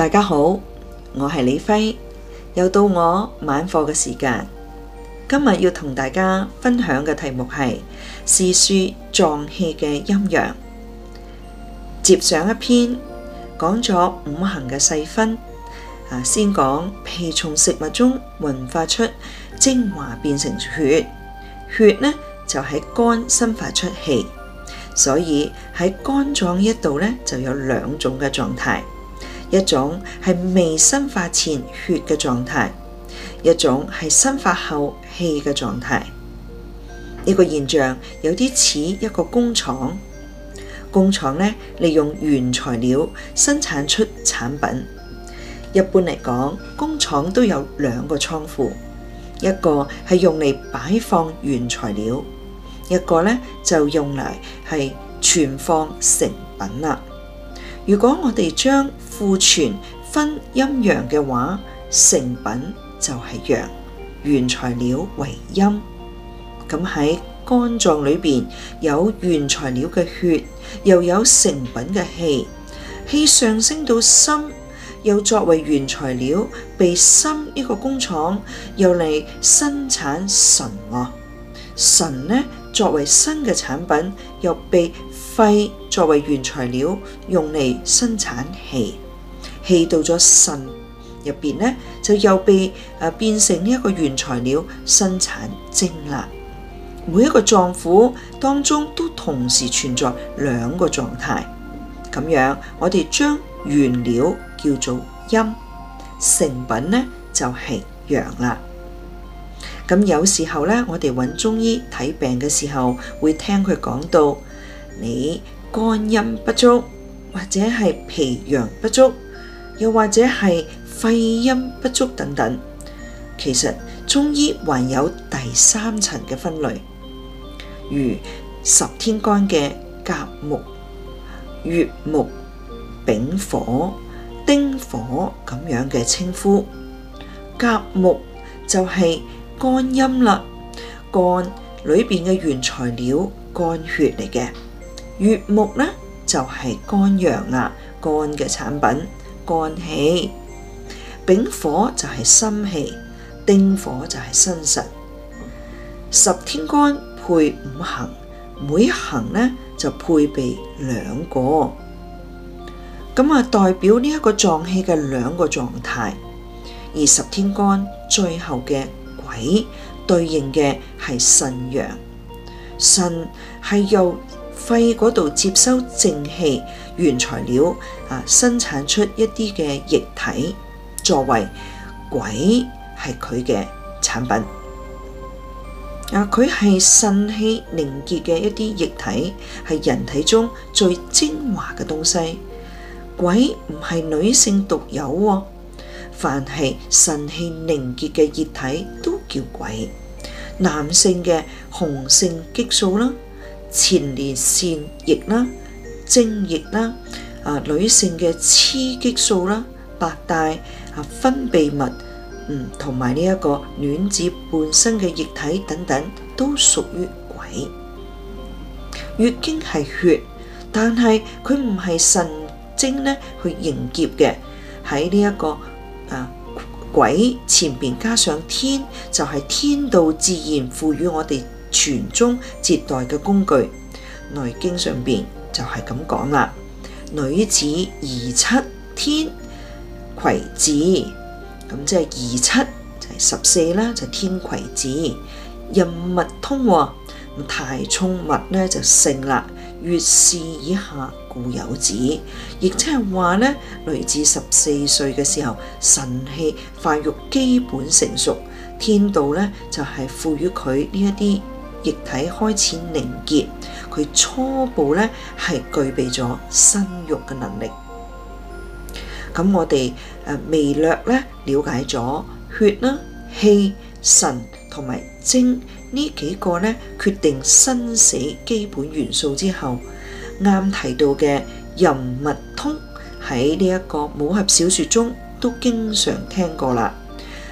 大家好，我係李輝，又到我晚課嘅時間。今日要同大家分享嘅題目係《試說臟氣嘅陰陽》。接上一篇講咗五行嘅細分，先講脾從食物中運化出精華變成血，血呢就喺肝生發出氣，所以喺肝臟呢一度呢就有兩種嘅狀態。一種係未生化前血嘅狀態，一種係生化後氣嘅狀態。呢個現象有啲似一個工廠，工廠呢利用原材料生產出產品。一般嚟講，工廠都有兩個倉庫，一個係用嚟擺放原材料，一個呢就用嚟係存放成品啦。如果我哋將庫存分陰陽嘅話，成品就係陽，原材料為陰。咁喺肝臟裏面，有原材料嘅血，又有成品嘅氣，氣上升到心，又作為原材料，被心呢個工廠又嚟生產神哦。神呢作為新嘅產品，又被肺作為原材料用嚟生產氣，氣到咗腎入邊呢，就又被啊、呃、變成呢一個原材料生產精啦。每一個臟腑當中都同時存在兩個狀態，咁樣我哋將原料叫做陰，成品呢就係陽啦。咁有時候呢，我哋揾中醫睇病嘅時候，會聽佢講到。你肝陰不足，或者係脾陽不足，又或者係肺陰不足等等。其實中醫還有第三層嘅分類，如十天干嘅甲木、乙木、丙火、丁火咁樣嘅稱呼。甲木就係肝陰啦，肝裏邊嘅原材料肝血嚟嘅。乙木咧就係肝陽啊，肝嘅產品，肝氣。丙火就係心氣，丁火就係心神。十天干配五行，每行咧就配備兩個，咁啊代表呢一個臟器嘅兩個狀態。而十天干最後嘅癸對應嘅係腎陽，腎係由。肺嗰度接收正氣原材料，啊，生產出一啲嘅液體作為鬼係佢嘅產品。啊，佢係腎氣凝結嘅一啲液體，係人體中最精華嘅東西。鬼唔係女性獨有喎，凡係腎氣凝結嘅液體都叫鬼。男性嘅雄性激素啦、前列腺液啦、精液啦、呃、啊女性嘅雌激素啦、白帶啊分泌物，嗯同埋呢一個卵子本身嘅液體等等，都屬於鬼。月經係血，但係佢唔係神精咧去凝結嘅，喺呢一個啊鬼前邊加上天，就係、是、天道自然賦予我哋。傳宗接代嘅工具，《內經》上邊就係咁講啦。女子二七天癸至，咁即係二七就係、是、十四啦，就是、天癸至。任脈通，咁太衝脈呢就盛啦。月事以下故有子，亦即係話呢，女子十四歲嘅時候，腎氣發育基本成熟，天道呢就係賦予佢呢一啲。液體開始凝結，佢初步咧係具備咗生肉嘅能力。咁我哋誒微略咧了解咗血啦、氣、神同埋精呢幾個咧決定生死基本元素之後，啱提到嘅任脈通喺呢一個武俠小説中都經常聽過啦。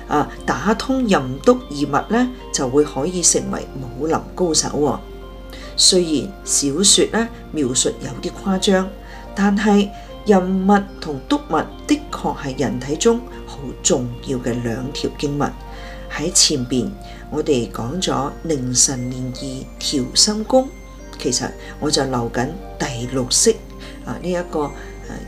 啊！打通任督二脈咧，就會可以成為武林高手，啊。雖然小說咧描述有啲誇張，但係任脈同督脈的確係人體中好重要嘅兩條經脈。喺前邊我哋講咗凝神練意調心功，其實我就留緊第六式啊呢一、這個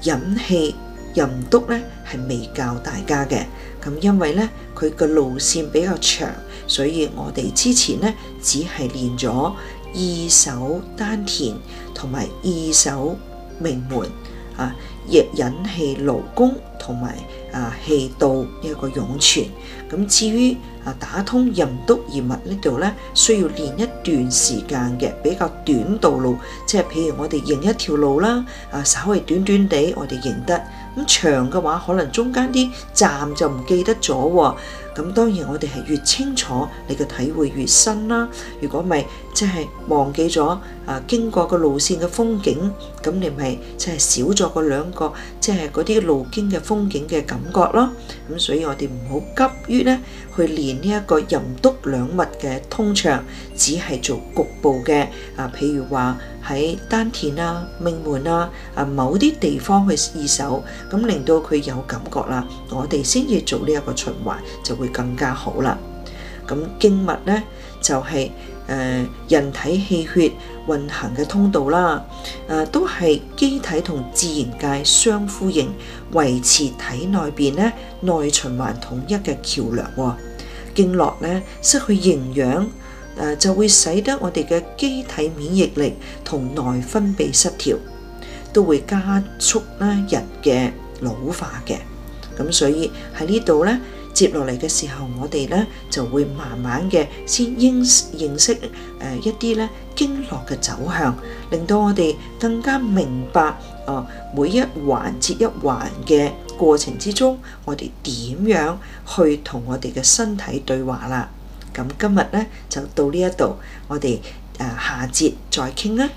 誒引，啊、氣。任督呢係未教大家嘅，咁，因為呢，佢個路線比較長，所以我哋之前呢，只係練咗二手丹田同埋二手命門啊，亦引氣勞宮。同埋啊氣道一個湧泉，咁至於啊打通任督二脈呢度咧，需要練一段時間嘅，比較短道路，即係譬如我哋認一條路啦，啊稍微短短哋我哋認得，咁長嘅話可能中間啲站就唔記得咗喎。咁當然我哋係越清楚，你嘅體會越深啦。如果咪即係忘記咗啊經過嘅路線嘅風景，咁你咪即係少咗嗰兩個，即係嗰啲路經嘅風景嘅感覺咯，咁所以我哋唔好急於咧去練呢一個任督兩脈嘅通暢，只係做局部嘅啊，譬如話喺丹田啊、命門啊啊某啲地方去意守，咁令到佢有感覺啦，我哋先至做呢一個循環就會更加好啦。咁經脈咧就係、是、誒、呃、人體氣血運行嘅通道啦，誒、呃、都係機體同自然界相呼應，維持體內邊咧內循環統一嘅橋樑。哦、經絡咧失去營養，誒、呃、就會使得我哋嘅機體免疫力同內分泌失調，都會加速咧人嘅老化嘅。咁所以喺呢度咧。接落嚟嘅時候，我哋咧就會慢慢嘅先認認識誒一啲咧經絡嘅走向，令到我哋更加明白啊、呃、每一環節一環嘅過程之中，我哋點樣去同我哋嘅身體對話啦？咁、嗯、今日咧就到呢一度，我哋誒、呃、下節再傾啦。